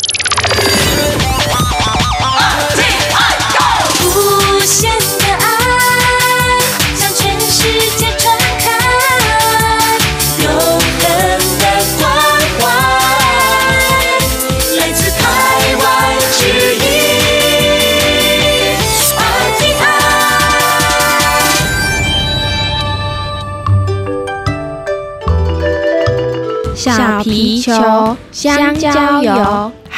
RTI，無限的愛，向全世界傳開，永恆的關懷，來自台灣之音。RTI，小皮球，香蕉油。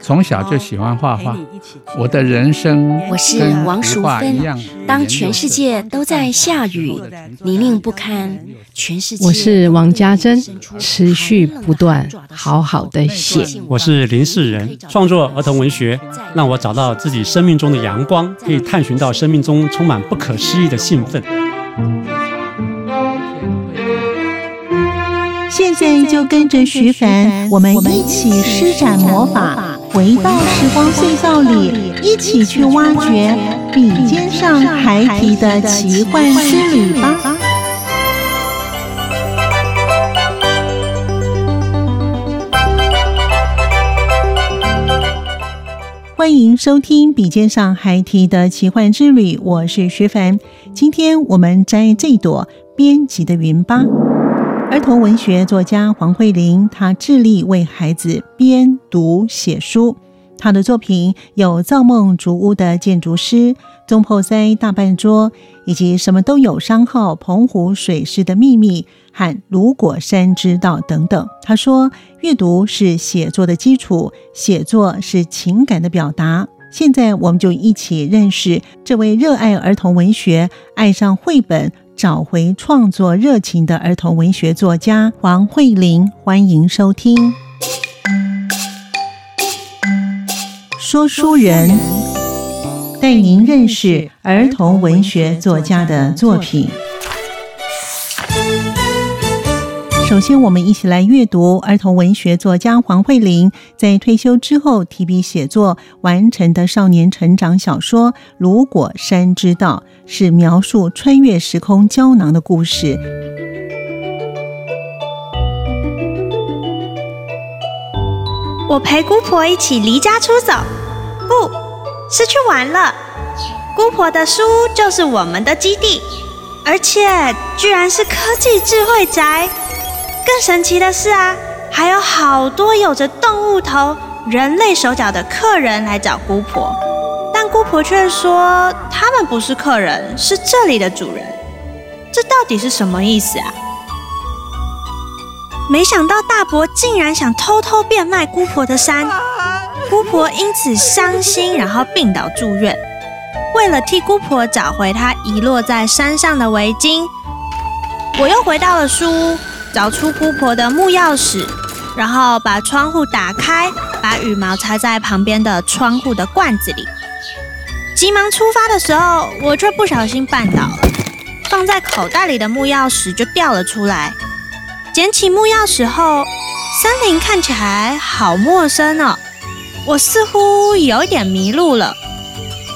從小就喜歡畫畫，我的人生。我是王淑芬。當全世界都在下雨，泥濘不堪，我是王嘉珍，持續不斷，好好的寫。我是林世仁，創作兒童文學，讓我找到自己生命中的陽光，可以探尋到生命中充滿不可思議的興奮。現在就跟着徐凡，我們一起施展魔法。回到時光隧道裡，一起去挖掘筆尖上孩提的奇幻之旅吧！歡迎收聽《筆尖上孩提的奇幻之旅》，我是徐凡。今天我們摘這朵編輯的雲吧。兒童文學作家黃惠鈴，她致力為孩子編讀寫書。她的作品有《造夢竹屋》的建築師、中破塞大半桌，以及什麼都有商號、澎湖水師的秘密和如果山知道等等。她說：“閱讀是寫作的基礎，寫作是情感的表達。”現在，我們就一起認識這位熱愛兒童文學、愛上繪本。找回創作熱情的兒童文學作家黃惠鈴，歡迎收聽。說書人帶您認識兒童文學作家的作品。首先，我們一起來閱讀兒童文學作家黃惠鈴在退休之後提筆寫作完成的少年成長小說《如果山知道》，是描述穿越時空膠囊的故事。我陪姑婆一起離家出走，不是去玩了。姑婆的書屋就是我們的基地，而且居然是科技智慧宅。更神奇的是啊，還有好多有着動物頭、人類手腳的客人來找姑婆，但姑婆卻說他們不是客人，是這裡的主人。這到底是什麼意思啊？沒想到大伯竟然想偷偷變賣姑婆的山，姑婆因此傷心，然後病倒住院。為了替姑婆找回她遺落在山上的圍巾，我又回到了書屋。找出姑婆的木鑰匙，然後把窗戶打開，把羽毛插在旁邊的窗戶的罐子裡。急忙出發的時候，我卻不小心絆倒了，放在口袋裡的木鑰匙就掉了出來。撿起木鑰匙後，森林看起來好陌生哦。我似乎有點迷路了。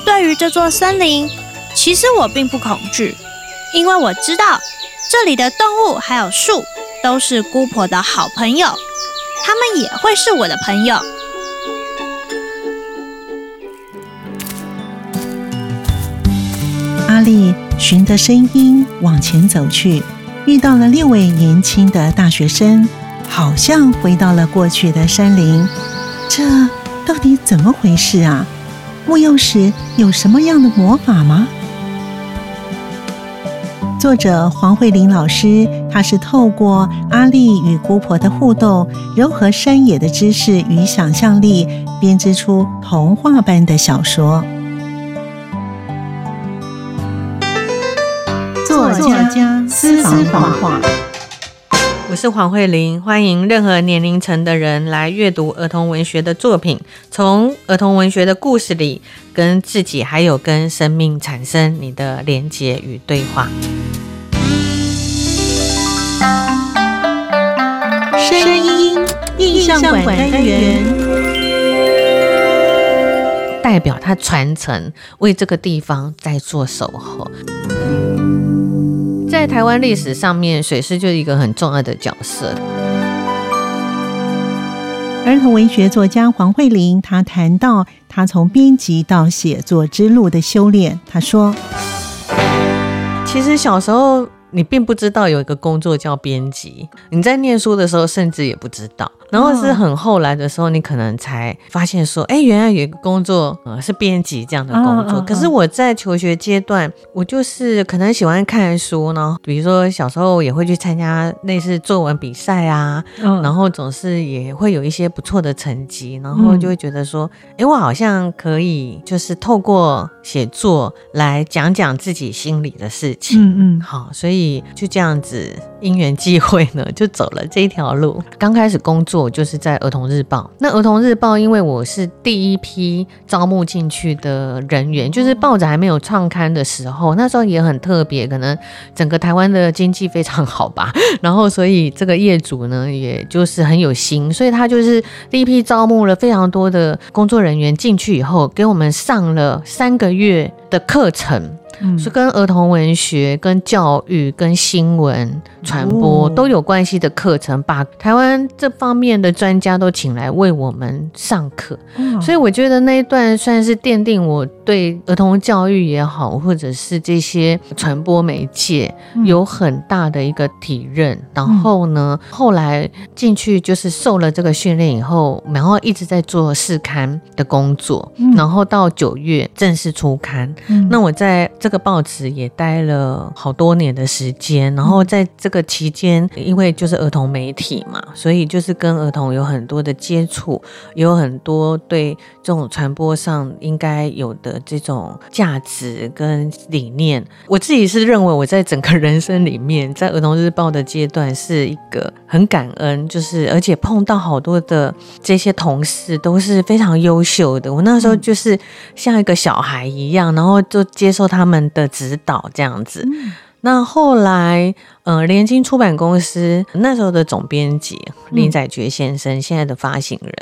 對於這座森林，其實我並不恐懼，因為我知道這裡的動物還有樹。都是姑婆的好朋友，他們也會是我的朋友。阿力循着聲音往前走去，遇到了六位年輕的大學生，好像回到了過去的山林。這到底怎麼回事啊？木鑰匙有什麼樣的魔法嗎？作者黃惠鈴老師。他是透過阿力與姑婆的互動，融合山野的知識與想象力，編織出童話般的小說。作家私房話。我是黃惠鈴，歡迎任何年齡層的人來閱讀兒童文學的作品，從兒童文學的故事裡，跟自己還有跟生命產生你的連結與對話。印象館單元代表他傳承，為這個地方在做守候。在台灣歷史上面，水師就是一個很重要的角色。兒童文學作家黃惠鈴，她談到她從編輯到寫作之路的修煉。她說：“其實小時候你並不知道有一個工作叫編輯，你在念書的時候甚至也不知道。”然後是很後來的時候，oh. 你可能才發現說，哎、欸，原來有一個工作，呃，是編輯這樣的工作。Oh. 可是我在求學階段，我就是可能喜歡看書呢，比如說小時候也會去參加類似作文比賽啊，oh. 然後總是也會有一些不錯的成績，然後就會覺得說，哎、欸，我好像可以就是透過寫作來講講自己心裡的事情。嗯嗯。好，所以就這樣子因緣際會呢，就走了這一條路。剛開始工作。我就是在兒童日報，那兒童日報因為我是第一批招募進去的人員，就是報紙還沒有創刊的時候，那時候也很特別，可能整個台灣的經濟非常好吧，然後所以這個業主呢，也就是很有心，所以他就是第一批招募了非常多的工作人員進去以後，給我們上了三個月的課程。是、嗯、跟兒童文學、跟教育、跟新聞傳播、哦、都有關係的課程，把台灣這方面的專家都請來為我們上課、哦，所以我覺得那一段算是奠定我。對兒童教育也好，或者是這些傳播媒介、嗯、有很大的一個體認、嗯。然後呢，後來進去就是受了這個訓練以後，然後一直在做試刊的工作。嗯、然後到九月正式出刊、嗯。那我在這個報紙也待了好多年的時間、嗯。然後在這個期間，因為就是兒童媒體嘛，所以就是跟兒童有很多的接觸，有很多對這種傳播上應該有的。這種價值跟理念，我自己是認為我在整個人生裡面，在兒童日報的階段是一個很感恩，就是而且碰到好多的這些同事都是非常優秀的。我那時候就是像一個小孩一樣，然後就接受他們的指導這樣子。那後來，呃，聯經出版公司那時候的總編輯林載爵先生，嗯，現在的發行人，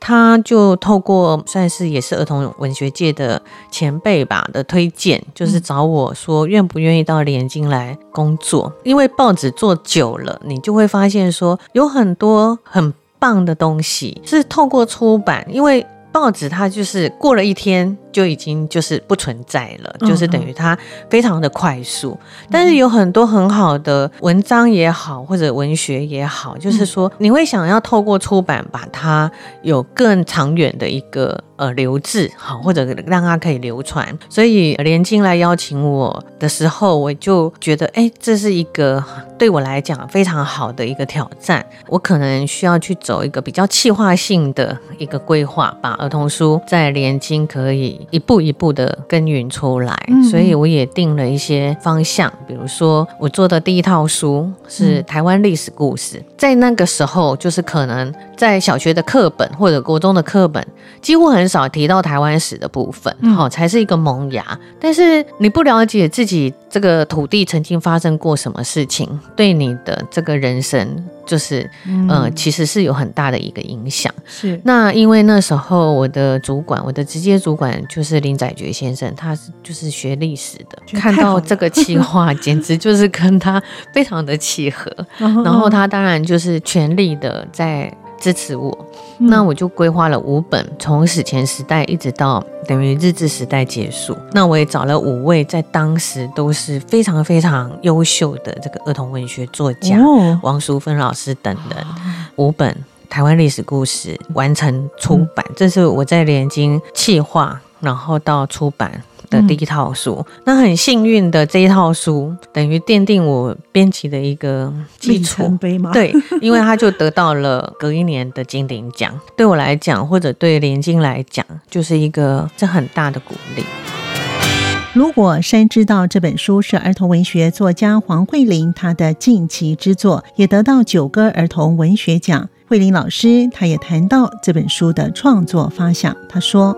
他就透過算是也是兒童文學界的前輩吧的推薦，就是找我說願不願意到聯經來工作。嗯，因為報紙做久了，你就會發現說有很多很棒的東西是透過出版，因為報紙它就是過了一天。就已經就是不存在了，嗯、就是等於它非常的快速，嗯。但是有很多很好的文章也好，或者文學也好，嗯、就是說你會想要透過出版把它有更長遠的一個呃留置，好或者讓它可以流傳。所以連經來邀請我的時候，我就覺得哎、欸，這是一個對我來講非常好的一個挑戰。我可能需要去走一個比較企劃性的一個規劃，把兒童書在連經可以。一步一步的耕耘出來，所以我也定了一些方向，比如說我做的第一套書是台灣歷史故事，在那個時候就是可能在小學的課本或者國中的課本幾乎很少提到台灣史的部分，好，才是一個萌芽。但是你不了解自己這個土地曾經發生過什麼事情，對你的這個人生。就是，呃，其實是有很大的一個影響。是，那因為那時候我的主管，我的直接主管就是林載爵先生，他是就是學歷史的，看到這個企劃， 簡直就是跟他非常的契合。 然後他當然就是全力的在。支持我，那我就規劃了五本，從史前時代一直到等於日治時代結束。那我也找了五位在當時都是非常非常優秀的這個兒童文學作家，王淑芬老師等等，五本台灣歷史故事完成出版。這是我在聯經企劃，然後到出版。嗯、第一套書，那很幸運的這一套書，等於奠定我編輯的一個基礎。 對，因為他就得到了隔一年的金鼎獎。對我來講，或者對聯經來講，就是一個這很大的鼓勵。如果山知道這本書是兒童文學作家黃惠鈴她的近期之作，也得到九歌兒童文學獎。惠鈴老師她也談到這本書的創作方向，她說。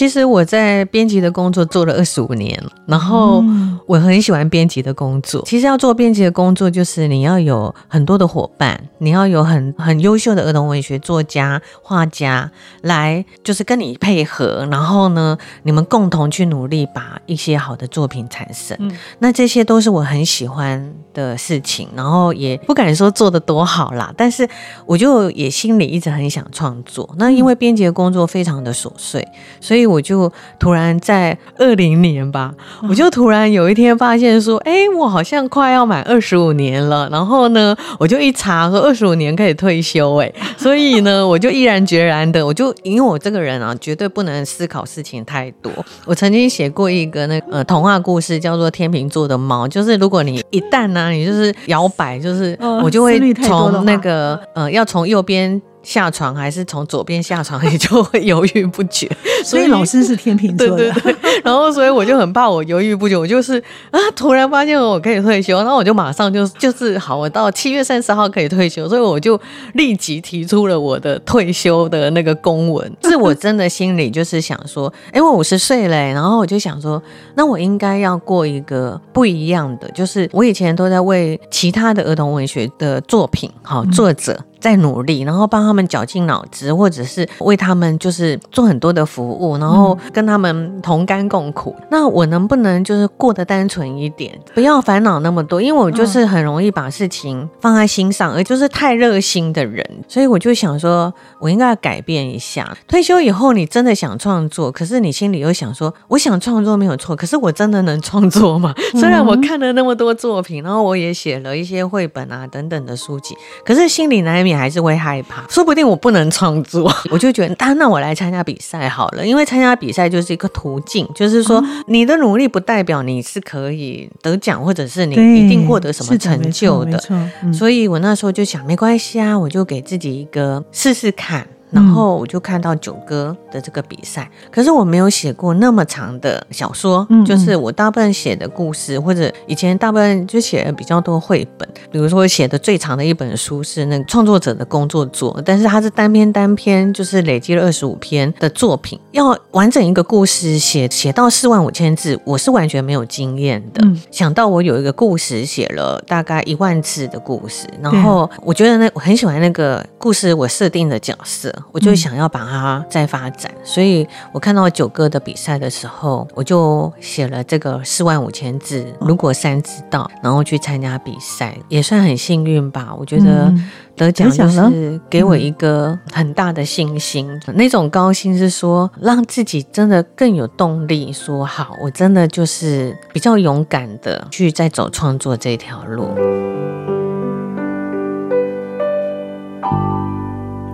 其實我在編輯的工作做了二十五年，然後我很喜歡編輯的工作。其實要做編輯的工作，就是你要有很多的夥伴，你要有很很優秀的兒童文學作家、畫家來，就是跟你配合，然後呢，你們共同去努力，把一些好的作品產生。那這些都是我很喜歡的事情，然後也不敢說做得多好啦，但是我就也心裡一直很想創作。那因為編輯的工作非常的瑣碎，所以。我就突然在二零年吧，哦，我就突然有一天發現說，哎，欸，我好像快要滿二十五年了。然後呢，我就一查說二十五年可以退休，欸，哎，所以呢，我就毅然決然的，我就因為我這個人啊，絕對不能思考事情太多。我曾經寫過一個那個，呃童話故事，叫做《天秤座的貓》，就是如果你一旦呢，啊，你就是搖擺，就是，呃、我就會從那個呃，呃要從右邊。下床還是從左邊下床，也就會猶豫不決。 所，以所以老師是天秤座的 對對對，然後所以我就很怕我猶豫不決。我就是啊，突然發現我可以退休，然後我就馬上就是、就是好，我到七月三十號可以退休，所以我就立即提出了我的退休的那個公文。是我真的心裡就是想說，哎、欸，我五十歲嘞、欸，然後我就想說，那我應該要過一個不一樣的，就是我以前都在為其他的兒童文學的作品，好作者。嗯在努力，然後幫他們絞盡腦汁，或者是為他們就是做很多的服務，然後跟他們同甘共苦、嗯。那我能不能就是過得單純一點，不要煩惱那麼多？因為我就是很容易把事情放在心上，嗯、而就是太熱心的人。所以我就想說，我應該要改變一下。退休以後，你真的想創作，可是你心裡又想說，我想創作沒有錯，可是我真的能創作嗎？雖然我看了那麼多作品，嗯、然後我也寫了一些繪本啊等等的書籍，可是心裡難免。你還是會害怕，說不定我不能創作， 我就覺得，那那我來參加比賽好了，因為參加比賽就是一個途徑、嗯，就是說你的努力不代表你是可以得獎，或者是你一定獲得什麼成就的。的所以，我那時候就想，沒關係啊，我就給自己一個試試看。嗯然後我就看到九歌的這個比賽，嗯、可是我沒有寫過那麼長的小說，嗯嗯，就是我大部分寫的故事，或者以前大部分就寫了比較多繪本，比如說我寫的最長的一本書是那個《創作者的工作作》但是它是單篇單篇，就是累積了二十五篇的作品，要完整一個故事寫寫到四萬五千字，我是完全沒有經驗的。嗯、想到我有一個故事寫了大概一萬字的故事，然後我覺得那我很喜歡那個。故事我設定的角色，我就想要把它再發展，嗯、所以我看到九歌的比賽的時候，我就寫了這個四萬五千字。如果山知道，然後去參加比賽，也算很幸運吧。我覺得得獎就是給我一個很大的信心，嗯嗯、那種高興是說讓自己真的更有動力。說好，我真的就是比較勇敢的去再走創作這條路。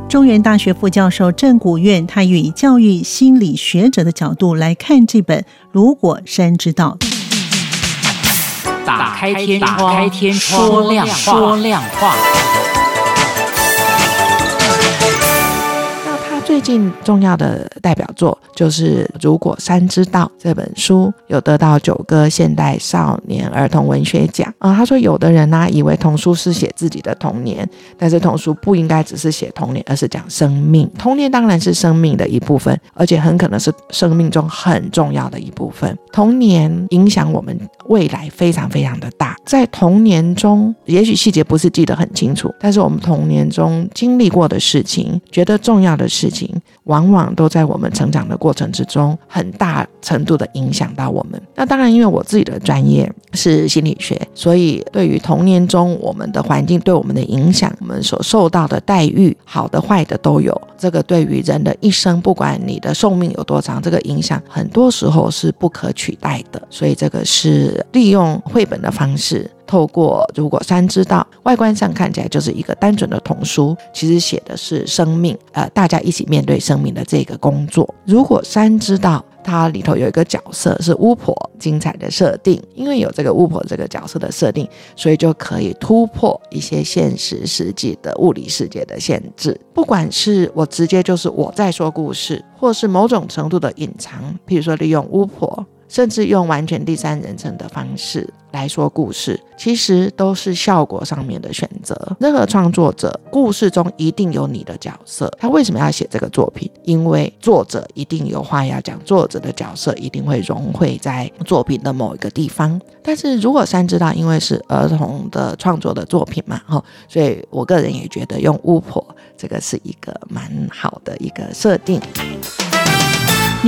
中原大學副教授鄭谷苑，他以教育心理學者的角度來看這本《如果山知道》，打開天，打開天窗說亮話，說亮話最近重要的代表作就是《如果山知道》這本書，有得到九歌現代少年兒童文學獎。啊、嗯，他說有的人呢、啊，以為童書是寫自己的童年，但是童書不應該只是寫童年，而是講生命。童年當然是生命的一部分，而且很可能是生命中很重要的一部分。童年影響我們未來非常非常的大。在童年中，也許細節不是記得很清楚，但是我們童年中經歷過的事情，覺得重要的事情，往往都在我們成長的過程之中，很大程度的影響到我們。那當然，因為我自己的專業是心理學，所以對於童年中我們的環境對我們的影響，我們所受到的待遇，好的壞的都有。這個對於人的一生，不管你的壽命有多長，這個影響很多時候是不可取代的。所以這個是利用繪本的方式。透過如果山知道，外觀上看起來就是一個單純的童書，其實寫的是生命，呃，大家一起面對生命的這個工作。如果山知道，它裡頭有一個角色是巫婆，精彩的設定，因為有這個巫婆這個角色的設定，所以就可以突破一些現實世界的物理世界的限制。不管是我直接就是我在說故事，或是某種程度的隱藏，譬如說利用巫婆。甚至用完全第三人稱的方式來說故事，其實都是效果上面的選擇。任何創作者，故事中一定有你的角色。他為什麼要寫這個作品？因為作者一定有話要講，作者的角色一定會融匯在作品的某一個地方。但是如果山知道，因為是兒童的創作的作品嘛，哈，所以我個人也覺得用巫婆這個是一個蠻好的一個設定。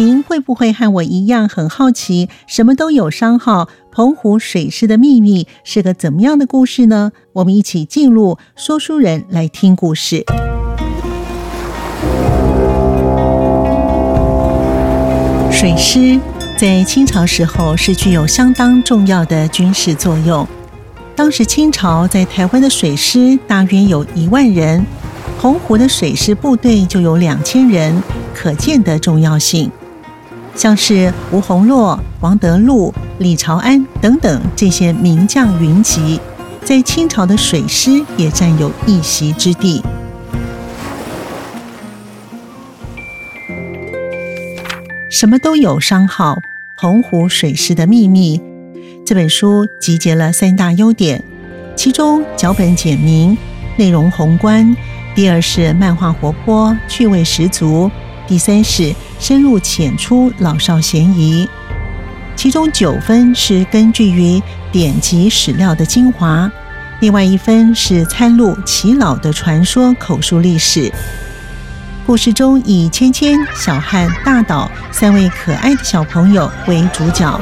您會不會和我一樣很好奇，什麼都有商號，澎湖水師的秘密是個怎麼樣的故事呢？我們一起進入說書人來聽故事。水師在清朝時候是具有相當重要的軍事作用。當時清朝在台灣的水師大約有一萬人，澎湖的水師部隊就有兩千人，可見的重要性。像是吳洪洛、王德祿、李朝安等等這些名將雲集，在清朝的水師也占有一席之地。什麼都有商，商號《澎湖水師的秘密》這本書集結了三大優點，其中腳本簡明，內容宏觀；第二是漫畫活潑，趣味十足。第三是深入淺出，老少咸宜。其中九分是根據於典籍史料的精華，另外一分是參錄耆老的傳說口述歷史。故事中以芊芊、小漢、大島三位可愛的小朋友為主角，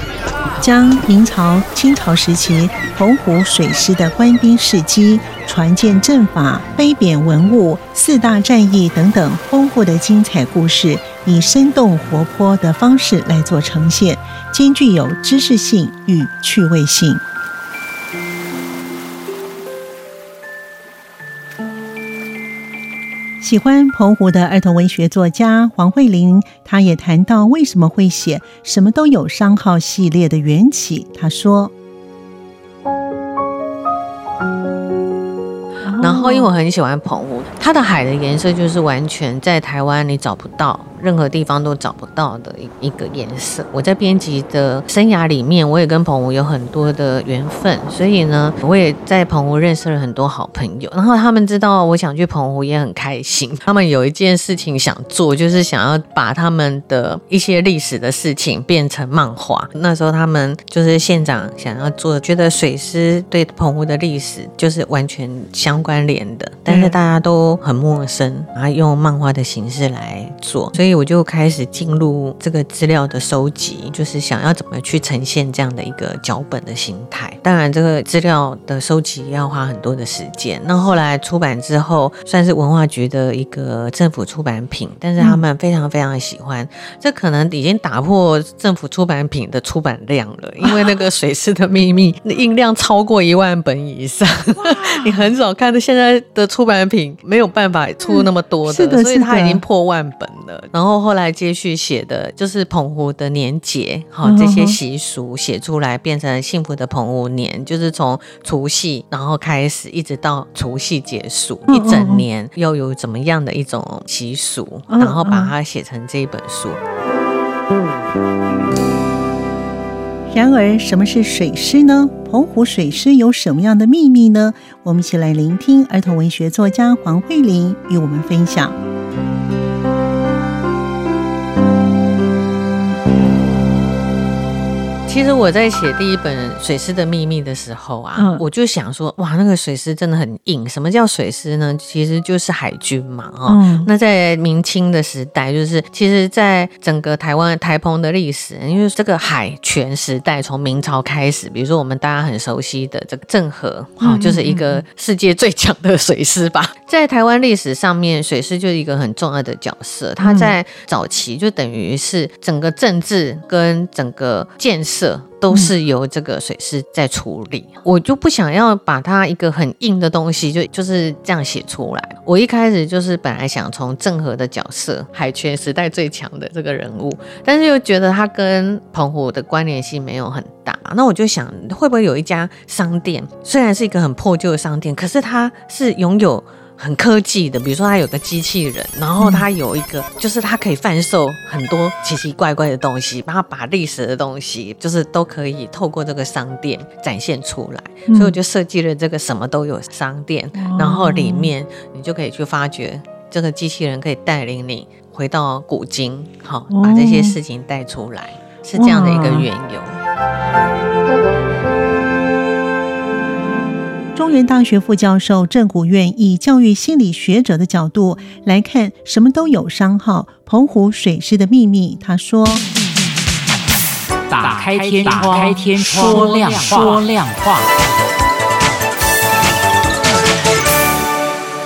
將明朝、清朝時期澎湖水師的官兵事蹟、船艦陣法、碑匾文物、四大戰役等等豐富的精彩故事，以生動活潑的方式來做呈現，兼具有知識性與趣味性。喜歡澎湖的兒童文學作家黃惠鈴，她也談到為什麼會寫《什麼都有》商號系列的緣起。她說：“然後因為我很喜歡澎湖，它的海的顏色就是完全在台灣你找不到。”任何地方都找不到的一一個顏色。我在編輯的生涯裡面，我也跟澎湖有很多的緣分，所以呢，我也在澎湖認識了很多好朋友。然後他們知道我想去澎湖，也很開心。他們有一件事情想做，就是想要把他們的一些歷史的事情變成漫畫。那時候他們就是縣長想要做，覺得水師對澎湖的歷史就是完全相關聯的，但是大家都很陌生，然後用漫畫的形式來做，所以，我就開始進入這個資料的收集，就是想要怎麼去呈現這樣的一個腳本的形態。當然，這個資料的收集要花很多的時間。那後來出版之後，算是文化局的一個政府出版品，但是他們非常非常喜歡。嗯、這可能已經打破政府出版品的出版量了，因為那個《水師的秘密》印量超過一萬本以上。 你很少看到現在的出版品沒有辦法出那麼多的，嗯、是的、是的、所以它已經破萬本了。然後後來接續寫的，就是澎湖的年節，哈，這些習俗寫出來變成幸福的澎湖年，嗯、就是從除夕然後開始，一直到除夕結束，一整年又有怎麼樣的一種習俗，嗯嗯、然後把它寫成這一本書、嗯嗯。然而，什麼是水師呢？澎湖水師有什麼樣的秘密呢？我們一起來聆聽兒童文學作家黃惠鈴與我們分享。其實我在寫第一本《水師的祕密》的時候啊、嗯，我就想說，哇，那個水師真的很硬。什麼叫水師呢？其實就是海軍嘛，哦、嗯，那在明清的時代，就是其實，在整個台灣、台澎的歷史，因為這個海權時代從明朝開始，比如說我們大家很熟悉的這個鄭和，好、嗯，就是一個世界最強的水師吧。嗯嗯嗯、在台灣歷史上面，水師就是一個很重要的角色。他在早期就等於是整個政治跟整個建設。都是由這個水師在處理，嗯，我就不想要把它一個很硬的東西就就是這樣寫出來。我一開始就是本來想從鄭和的角色，海權時代最強的這個人物，但是又覺得他跟澎湖的關聯性沒有很大，那我就想會不會有一家商店，雖然是一個很破舊的商店，可是它是擁有。很科技的，比如說它有個機器人，然後它有一個、嗯，就是它可以販售很多奇奇怪怪的東西，把它把歷史的東西，就是都可以透過這個商店展現出來。嗯、所以我就設計了這個什麼都有商店，嗯、然後裡面你就可以去發掘，這個機器人可以帶領你回到古今，好、哦、把這些事情帶出來、嗯，是這樣的一個緣由。嗯 Okay. 中原大學副教授鄭谷苑以教育心理學者的角度來看，什麼都有商號、澎湖水師的秘密，他說：“打開天窗說亮話。說亮話”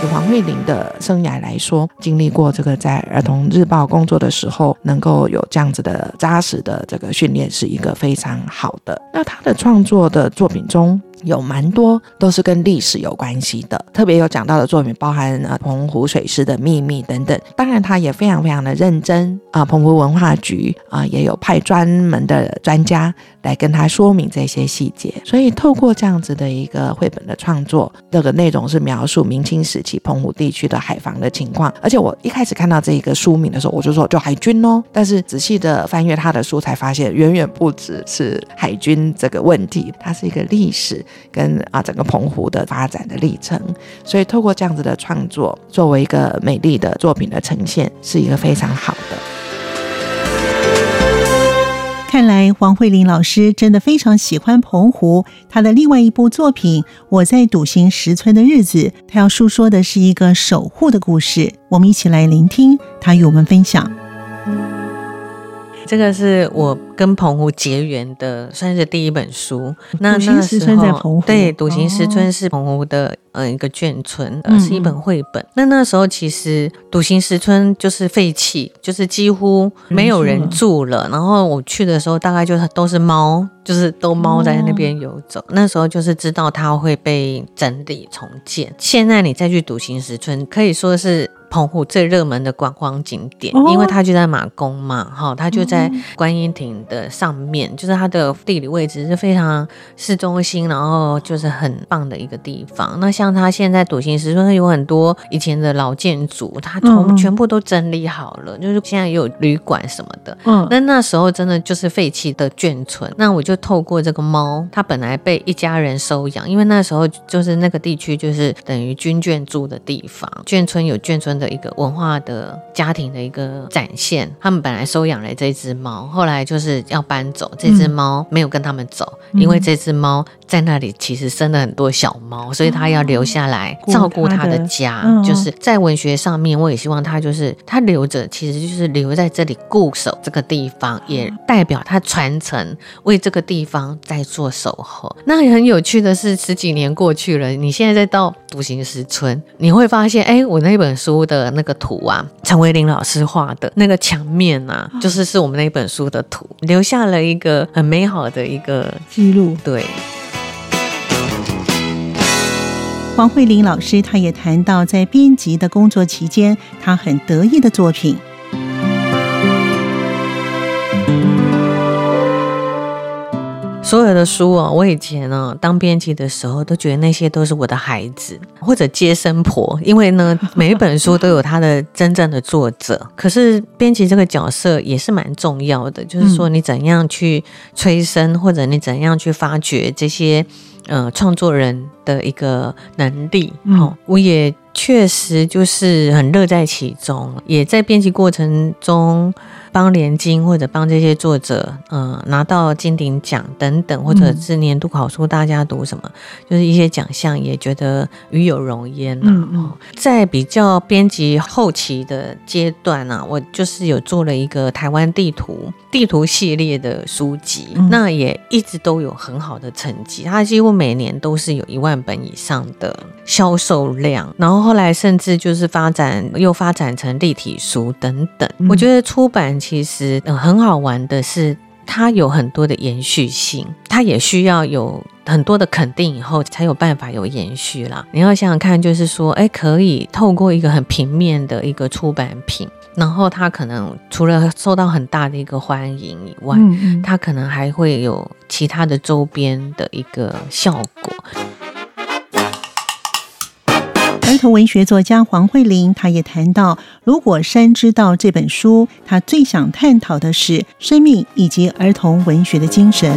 以黃惠鈴的生涯來說，經歷過這個在兒童日報工作的時候，能夠有這樣子的扎實的這個訓練，是一個非常好的。那他的創作的作品中，有蠻多都是跟歷史有關係的，特別有講到的作品，包含呃澎湖水師的秘密等等。當然，他也非常非常的認真啊、呃，澎湖文化局啊、呃，也有派專門的專家來跟他說明這些細節。所以透過這樣子的一個繪本的創作，這個內容是描述明清時期澎湖地區的海防的情況。而且我一開始看到這一個書名的時候，我就說叫海軍哦，但是仔細的翻閱他的書，才發現遠遠不止是海軍這個問題，它是一個歷史。跟啊，整個澎湖的發展的歷程，所以透過這樣子的創作，作為一個美麗的作品的呈現，是一個非常好的。看來黃惠鈴老師真的非常喜歡澎湖。她的另外一部作品《我在篤行十村的日子》，她要訴說的是一個守護的故事。我們一起來聆聽她與我們分享。這個是我跟澎湖結緣的，算是第一本書。那那時候，篤行十村在澎湖？對，篤行十村是澎湖的，嗯、呃，一個眷村，是一本繪本。嗯、那那時候其實篤行十村就是廢棄，就是幾乎沒有人住了。了然後我去的時候，大概就是都是貓，就是都貓在那邊遊走、哦。那時候就是知道它會被整理重建。現在你再去篤行十村，可以說是，澎湖最熱門的觀光景點，因為它就在馬公嘛，哈、哦，它就在觀音亭的上面，就是它的地理位置是非常市中心，然後就是很棒的一個地方。那像它現在篤行十村有很多以前的老建築，它全部都整理好了，就是現在也有旅館什麼的。嗯，那那時候真的就是廢棄的眷村。那我就透過這個貓，它本來被一家人收養，因為那時候就是那個地區就是等於軍眷住的地方，眷村有眷村的一個文化的家庭的一個展現，他們本來收養了這隻貓，後來就是要搬走，這隻貓沒有跟他們走，嗯、因為這隻貓在那裡其實生了很多小貓，嗯、所以他要留下來照顧他的家。的嗯哦、就是在文學上面，我也希望他就是他留着，其實就是留在這裡固守這個地方，也代表他傳承為這個地方在做守候。那也很有趣的是，十幾年過去了，你現在再到獨行時村，你會發現，哎，我那本書。的那個圖啊，陳維林老師畫的那個牆面啊，就是是我們那本書的圖，哦、留下了一個很美好的一個記錄。對，黃惠鈴老師，她也談到在編輯的工作期間，她很得意的作品。所有的書哦，我以前呢當編輯的時候，都覺得那些都是我的孩子或者接生婆，因為呢每一本書都有它的真正的作者。 可是編輯這個角色也是蠻重要的，就是說你怎樣去催生，嗯、或者你怎樣去發掘這些呃創作人的一個能力。哦、嗯，我也確實就是很樂在其中，也在編輯過程中。幫聯經，或者幫這些作者，嗯、呃，拿到金鼎獎等等，或者是年度好書，大家讀什麼，嗯、就是一些獎項也覺得與有榮焉了、啊嗯嗯。在比較編輯後期的階段呢、啊，我就是有做了一個台灣地圖地圖系列的書籍、嗯，那也一直都有很好的成績，它幾乎每年都是有一萬本以上的銷售量，然後後來甚至就是發展又發展成立體書等等。嗯、我覺得出版。其實，嗯、呃，很好玩的是，它有很多的延續性，它也需要有很多的肯定以後，才有辦法有延續啦。你要想想看，就是說，哎、欸，可以透過一個很平面的一個出版品，然後它可能除了受到很大的一個歡迎以外，嗯、它可能還會有其他的周邊的一個效果。兒童文學作家黃惠鈴，她也談到，如果山知道這本書，她最想探討的是生命以及兒童文學的精神。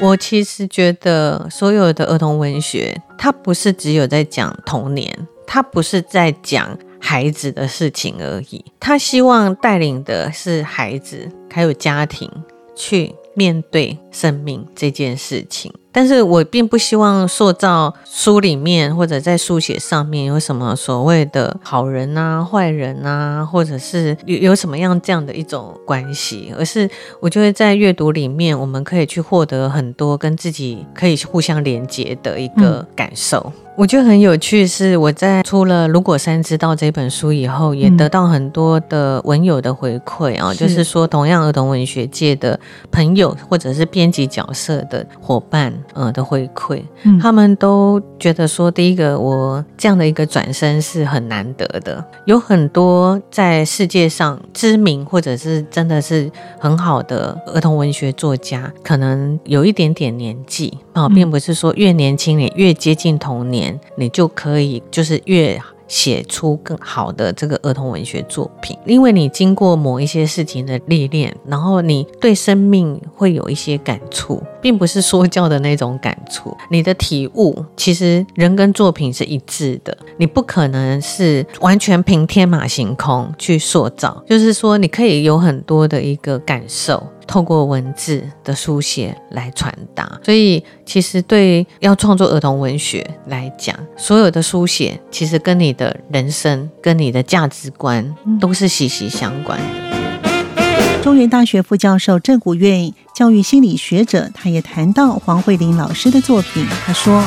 我其實覺得，所有的兒童文學，它不是只有在講童年，它不是在講孩子的事情而已，她希望帶領的是孩子還有家庭去面對。生命這件事情，但是我並不希望塑造書裡面或者在書寫上面有什麼所謂的好人啊、壞人啊，或者是有有什麼樣這樣的一種關係，而是我就會在閱讀裡面，我們可以去獲得很多跟自己可以互相連接的一個感受。嗯、我覺得很有趣，是我在出了《如果山知道》這本書以後，也得到很多的文友的回饋啊、嗯，就是說同樣兒童文學界的朋友或者是。編輯角色的夥伴，呃，的回饋、嗯，他們都覺得說，第一個，我這樣的一個轉身是很難得的。有很多在世界上知名，或者是真的是很好的兒童文學作家，可能有一點點年紀啊，並、嗯哦、不是說越年輕你越接近童年，你就可以就是越。寫出更好的這個兒童文學作品，因為你經過某一些事情的歷練，然後你對生命會有一些感觸，並不是說教的那種感觸。你的體悟，其實人跟作品是一致的，你不可能是完全憑天馬行空去塑造。就是說，你可以有很多的一個感受。透過文字的書寫來傳達，所以其實對要創作兒童文學來講，所有的書寫其實跟你的人生、跟你的價值觀都是息息相關的、嗯。中原大學副教授鄭古月教育心理學者，他也談到黃慧玲老師的作品，他說。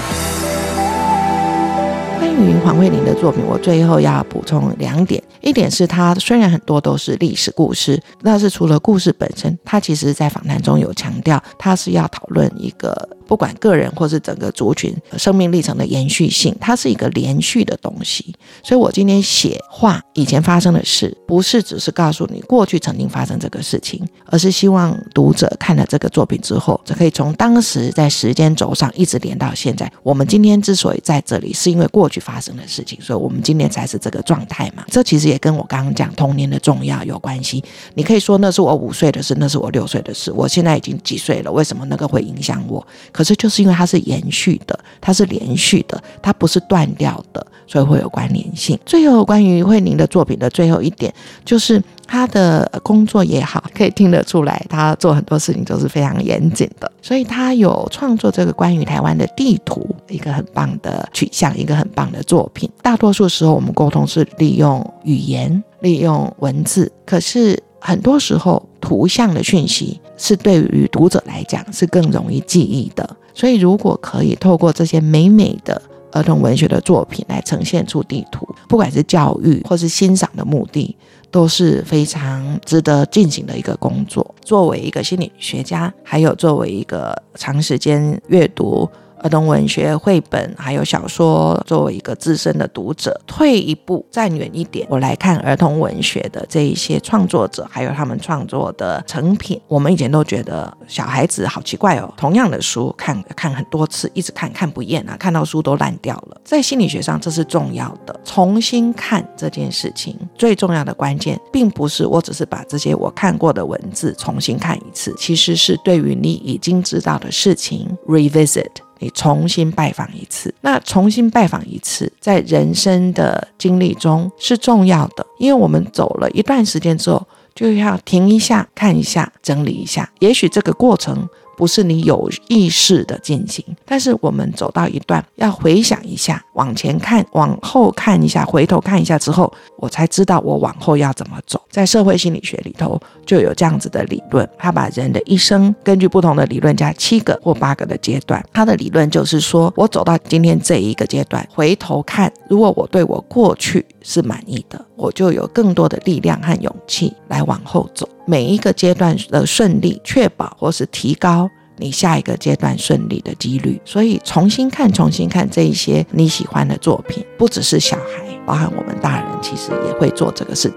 關於黃惠鈴的作品，我最後要補充兩點。一點是，它雖然很多都是歷史故事，但是除了故事本身，它其實在訪談中有強調，它是要討論一個不管個人或是整個族群生命歷程的延續性，它是一個連續的東西。所以我今天寫畫以前發生的事，不是只是告訴你過去曾經發生這個事情，而是希望讀者看了這個作品之後，可以從當時在時間軸上一直連到現在。我們今天之所以在這裡，是因為過去發生的事情，所以我們今年才是這個狀態嘛。這其實也跟我剛剛講童年的重要有關係。你可以說那是我五歲的事，那是我六歲的事，我現在已經幾歲了？為什麼那個會影響我？可是就是因為它是延續的，它是連續的，它不是斷掉的。所以會有關聯性。最後，關於惠鈴的作品的最後一點，就是他的工作也好，可以聽得出來，他做很多事情都是非常嚴謹的。所以他有創作這個關於台灣的地圖，一個很棒的取向，一個很棒的作品。大多數時候，我們溝通是利用語言、利用文字，可是很多時候圖像的訊息是對於讀者來講是更容易記憶的。所以，如果可以透過這些美美的。兒童文學的作品來呈現出地圖，不管是教育或是欣賞的目的，都是非常值得進行的一個工作。作為一個心理學家，還有作為一個長時間閱讀。兒童文學繪本還有小說，作為一個資深的讀者，退一步站遠一點，我來看兒童文學的這一些創作者，還有他們創作的成品。我們以前都覺得小孩子好奇怪哦，同樣的書看看很多次，一直看看不厭啊，看到書都爛掉了。在心理學上，這是重要的。重新看這件事情最重要的關鍵，並不是我只是把這些我看過的文字重新看一次，其實是對於你已經知道的事情 revisit。你重新拜訪一次，那重新拜訪一次，在人生的經歷中是重要的，因為我們走了一段時間之後，就要停一下，看一下，整理一下。也許這個過程不是你有意識的進行，但是我們走到一段，要回想一下。往前看，往後看一下，回頭看一下之後，我才知道我往後要怎麼走。在社會心理學裡頭就有這樣子的理論，他把人的一生根據不同的理論家七個或八個的階段。他的理論就是說，我走到今天這一個階段，回頭看，如果我對我過去是滿意的，我就有更多的力量和勇氣來往後走。每一個階段的順利，確保或是提高。你下一個階段順利的幾率，所以重新看，重新看這一些你喜歡的作品，不只是小孩，包含我們大人其實也會做這個事。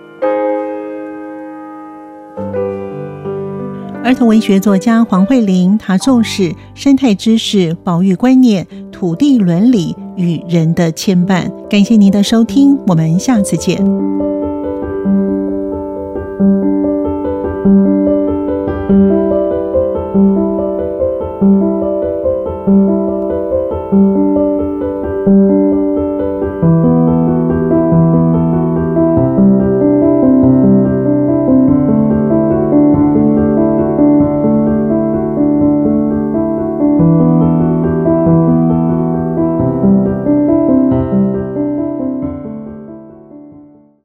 兒童文學作家黃惠鈴，她重視生態知識、保育觀念、土地倫理與人的牽絆。感謝您的收聽，我們下次見。